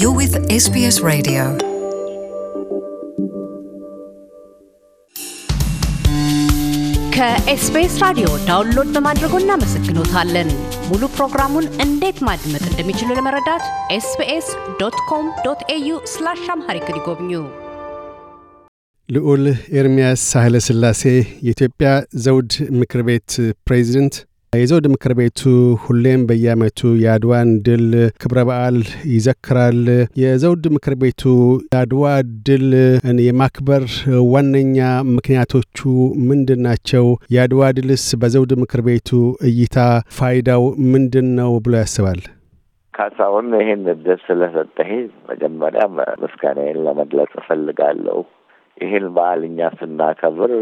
You're with SBS Radio. ከኤስቢኤስ ራዲዮ ዳውንሎድ በማድረጎ እናመሰግኖታለን። ሙሉ ፕሮግራሙን እንዴት ማድመጥ እንደሚችሉ ለመረዳት ኤስቢኤስ ዶት ኮም ዶት ኤዩ ስላሽ አምሃሪክ ይጎብኙ። ልዑል ኤርምያስ ሳህለ ስላሴ የኢትዮጵያ ዘውድ ምክር ቤት ፕሬዚደንት የዘውድ ምክር ቤቱ ሁሌም በየዓመቱ የአድዋን ድል ክብረ በዓል ይዘክራል። የዘውድ ምክር ቤቱ የአድዋ ድል የማክበር ዋነኛ ምክንያቶቹ ምንድን ናቸው? የአድዋ ድልስ በዘውድ ምክር ቤቱ እይታ ፋይዳው ምንድን ነው ብሎ ያስባል? ካሳሁን፣ ይህን እድል ስለሰጠኝ መጀመሪያ ምስጋናዬን ለመግለጽ እፈልጋለሁ። ይህን በዓል እኛ ስናከብር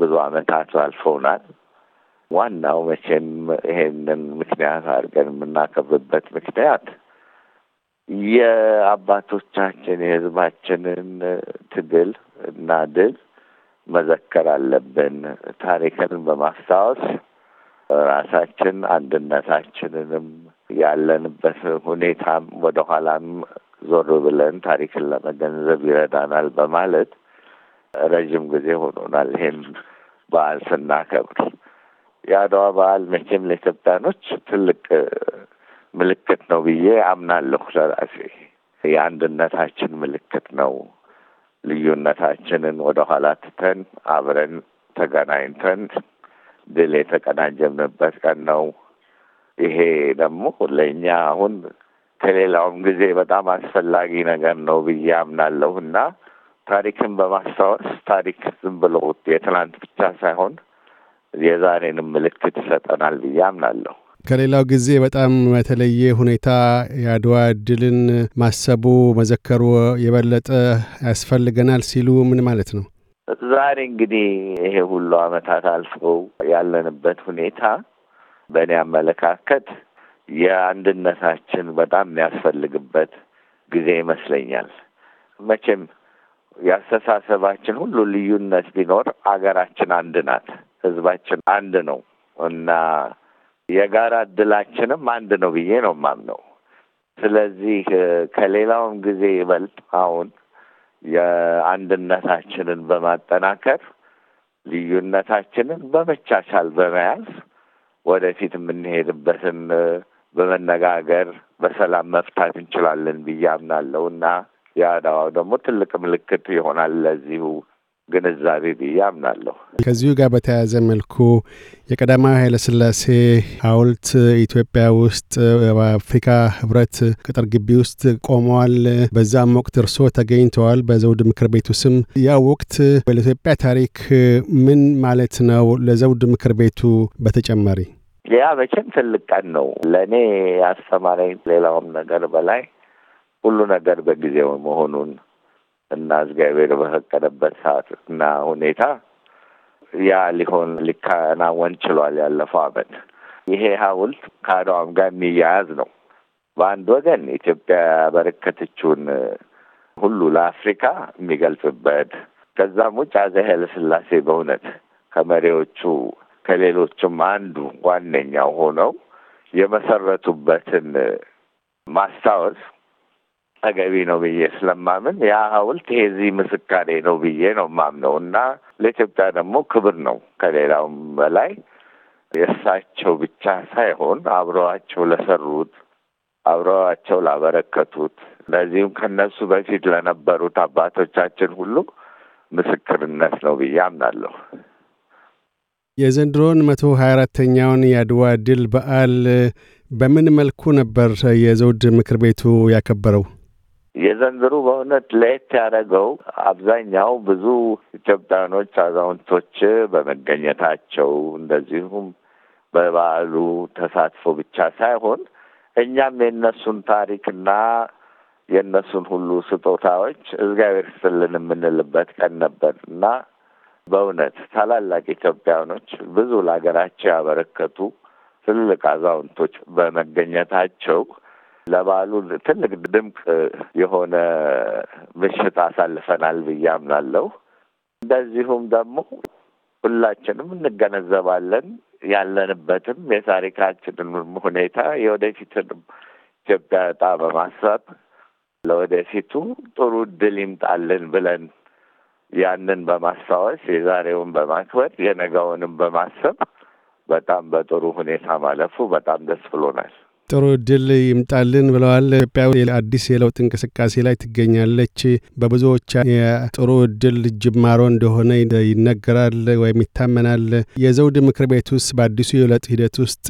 ብዙ ዓመታት አልፈውናል። ዋናው መቼም ይሄንን ምክንያት አድርገን የምናከብርበት ምክንያት የአባቶቻችን የሕዝባችንን ትግል እና ድል መዘከር አለብን። ታሪክን በማስታወስ ራሳችን አንድነታችንንም ያለንበት ሁኔታም ወደኋላም ዞር ብለን ታሪክን ለመገንዘብ ይረዳናል በማለት ረዥም ጊዜ ሆኖናል ይህም በዓል ስናከብር የአድዋ በዓል መቼም ለኢትዮጵያኖች ትልቅ ምልክት ነው ብዬ አምናለሁ። ለራሴ የአንድነታችን ምልክት ነው። ልዩነታችንን ወደኋላ ትተን አብረን ተገናኝተን ድል የተቀዳጀንበት ቀን ነው። ይሄ ደግሞ ለእኛ አሁን ከሌላውም ጊዜ በጣም አስፈላጊ ነገር ነው ብዬ አምናለሁ እና ታሪክን በማስታወስ ታሪክ ዝም ብሎ የትናንት ብቻ ሳይሆን የዛሬንም ምልክት ይሰጠናል ብዬ አምናለሁ። ከሌላው ጊዜ በጣም በተለየ ሁኔታ የአድዋ ድልን ማሰቡ መዘከሩ የበለጠ ያስፈልገናል ሲሉ ምን ማለት ነው? ዛሬ እንግዲህ ይሄ ሁሉ ዓመታት አልፈው ያለንበት ሁኔታ በእኔ አመለካከት የአንድነታችን በጣም የሚያስፈልግበት ጊዜ ይመስለኛል። መቼም ያስተሳሰባችን ሁሉ ልዩነት ቢኖር አገራችን አንድ ናት። ህዝባችን አንድ ነው እና የጋራ እድላችንም አንድ ነው ብዬ ነው የማምነው። ስለዚህ ከሌላውም ጊዜ ይበልጥ አሁን የአንድነታችንን በማጠናከር ልዩነታችንን በመቻቻል በመያዝ ወደፊት የምንሄድበትን በመነጋገር በሰላም መፍታት እንችላለን ብዬ አምናለሁ እና የአዳዋው ደግሞ ትልቅ ምልክት ይሆናል ለዚሁ ግንዛቤ ብዬ አምናለሁ። ከዚሁ ጋር በተያያዘ መልኩ የቀዳማዊ ኃይለስላሴ ሐውልት ኢትዮጵያ ውስጥ በአፍሪካ ህብረት ቅጥር ግቢ ውስጥ ቆመዋል። በዛም ወቅት እርስዎ ተገኝተዋል በዘውድ ምክር ቤቱ ስም። ያ ወቅት በኢትዮጵያ ታሪክ ምን ማለት ነው? ለዘውድ ምክር ቤቱ በተጨማሪ ያ መቼም ትልቅ ቀን ነው። ለእኔ ያስተማረኝ ሌላውም ነገር በላይ ሁሉ ነገር በጊዜው መሆኑን እና እግዚአብሔር በፈቀደበት ሰዓት እና ሁኔታ ያ ሊሆን ሊከናወን ችሏል። ያለፈው አመት ይሄ ሀውልት ከአድዋም ጋር የሚያያዝ ነው። በአንድ ወገን ኢትዮጵያ ያበረከተችውን ሁሉ ለአፍሪካ የሚገልጽበት ከዛም ውጭ አፄ ኃይለ ሥላሴ በእውነት ከመሪዎቹ ከሌሎችም አንዱ ዋነኛው ሆነው የመሰረቱበትን ማስታወስ ተገቢ ነው ብዬ ስለማምን ያ ሀውልት የዚህ ምስካሬ ነው ብዬ ነው ማምነው እና ለኢትዮጵያ ደግሞ ክብር ነው ከሌላውም በላይ የእሳቸው ብቻ ሳይሆን አብረዋቸው ለሰሩት አብረዋቸው ላበረከቱት እንደዚሁም ከነሱ በፊት ለነበሩት አባቶቻችን ሁሉ ምስክርነት ነው ብዬ አምናለሁ። የዘንድሮን መቶ ሀያ አራተኛውን የአድዋ ድል በዓል በምን መልኩ ነበር የዘውድ ምክር ቤቱ ያከበረው? የዘንድሮ በእውነት ለየት ያደረገው አብዛኛው ብዙ ኢትዮጵያኖች አዛውንቶች በመገኘታቸው እንደዚሁም በበዓሉ ተሳትፎ ብቻ ሳይሆን እኛም የእነሱን ታሪክና የእነሱን ሁሉ ስጦታዎች እግዚአብሔር ይስጥልን የምንልበት ቀን ነበር እና በእውነት ታላላቅ ኢትዮጵያኖች ብዙ ለሀገራቸው ያበረከቱ ትልቅ አዛውንቶች በመገኘታቸው ለበዓሉ ትልቅ ድምቅ የሆነ ምሽት አሳልፈናል ብዬ አምናለሁ። እንደዚሁም ደግሞ ሁላችንም እንገነዘባለን ያለንበትም የታሪካችንን ሁኔታ የወደፊትንም ኢትዮጵያ እጣ በማሰብ ለወደፊቱ ጥሩ እድል ይምጣልን ብለን ያንን በማስታወስ የዛሬውን በማክበር የነጋውንም በማሰብ በጣም በጥሩ ሁኔታ ማለፉ በጣም ደስ ብሎናል። ጥሩ ድል ይምጣልን ብለዋል። ኢትዮጵያ አዲስ የለውጥ እንቅስቃሴ ላይ ትገኛለች። በብዙዎች የጥሩ ድል ጅማሮ እንደሆነ ይነገራል ወይም ይታመናል። የዘውድ ምክር ቤት ውስጥ በአዲሱ የለውጥ ሂደት ውስጥ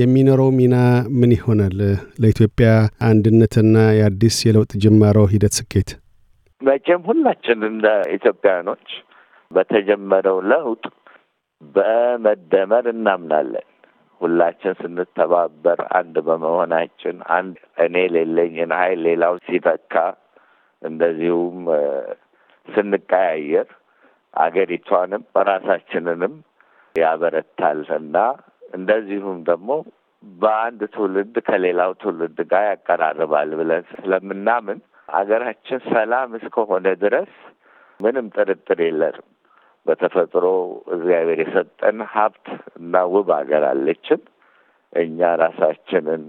የሚኖረው ሚና ምን ይሆናል? ለኢትዮጵያ አንድነትና የአዲስ የለውጥ ጅማሮ ሂደት ስኬት መቼም ሁላችን እንደ ኢትዮጵያኖች በተጀመረው ለውጥ በመደመር እናምናለን። ሁላችን ስንተባበር አንድ በመሆናችን አንድ እኔ ሌለኝን ኃይል ሌላው ሲተካ፣ እንደዚሁም ስንቀያየር አገሪቷንም በራሳችንንም ያበረታል እና እንደዚሁም ደግሞ በአንድ ትውልድ ከሌላው ትውልድ ጋር ያቀራርባል ብለን ስለምናምን አገራችን ሰላም እስከሆነ ድረስ ምንም ጥርጥር የለንም። በተፈጥሮ እግዚአብሔር የሰጠን ሀብት እና ውብ ሀገር አለችን። እኛ ራሳችንን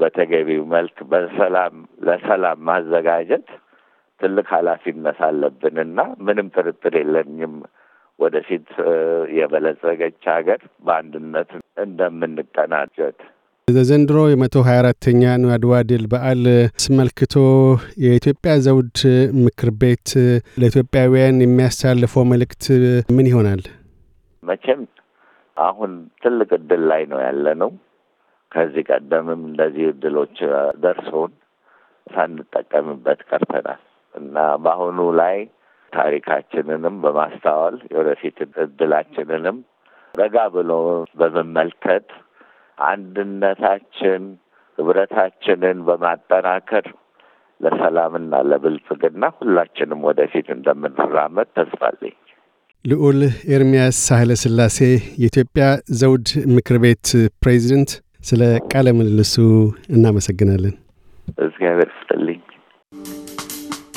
በተገቢው መልክ በሰላም ለሰላም ማዘጋጀት ትልቅ ኃላፊነት አለብንና ምንም ጥርጥር የለኝም ወደፊት የበለጸገች ሀገር በአንድነት እንደምንቀናጀት ዘንድሮ የመቶ 24 ተኛ አድዋ ድል በዓል አስመልክቶ የኢትዮጵያ ዘውድ ምክር ቤት ለኢትዮጵያውያን የሚያሳልፈው መልእክት ምን ይሆናል? መቼም አሁን ትልቅ እድል ላይ ነው ያለ ነው። ከዚህ ቀደምም እንደዚህ እድሎች ደርሶን ሳንጠቀምበት ቀርተናል እና በአሁኑ ላይ ታሪካችንንም በማስተዋል የወደፊት እድላችንንም ረጋ ብሎ በመመልከት አንድነታችን፣ ህብረታችንን በማጠናከር ለሰላምና ለብልጽግና ሁላችንም ወደፊት እንደምንራመድ ተስፋለኝ። ልዑል ኤርምያስ ሳህለ ስላሴ የኢትዮጵያ ዘውድ ምክር ቤት ፕሬዚደንት፣ ስለ ቃለ ምልልሱ እናመሰግናለን። እግዚአብሔር ይስጥልኝ።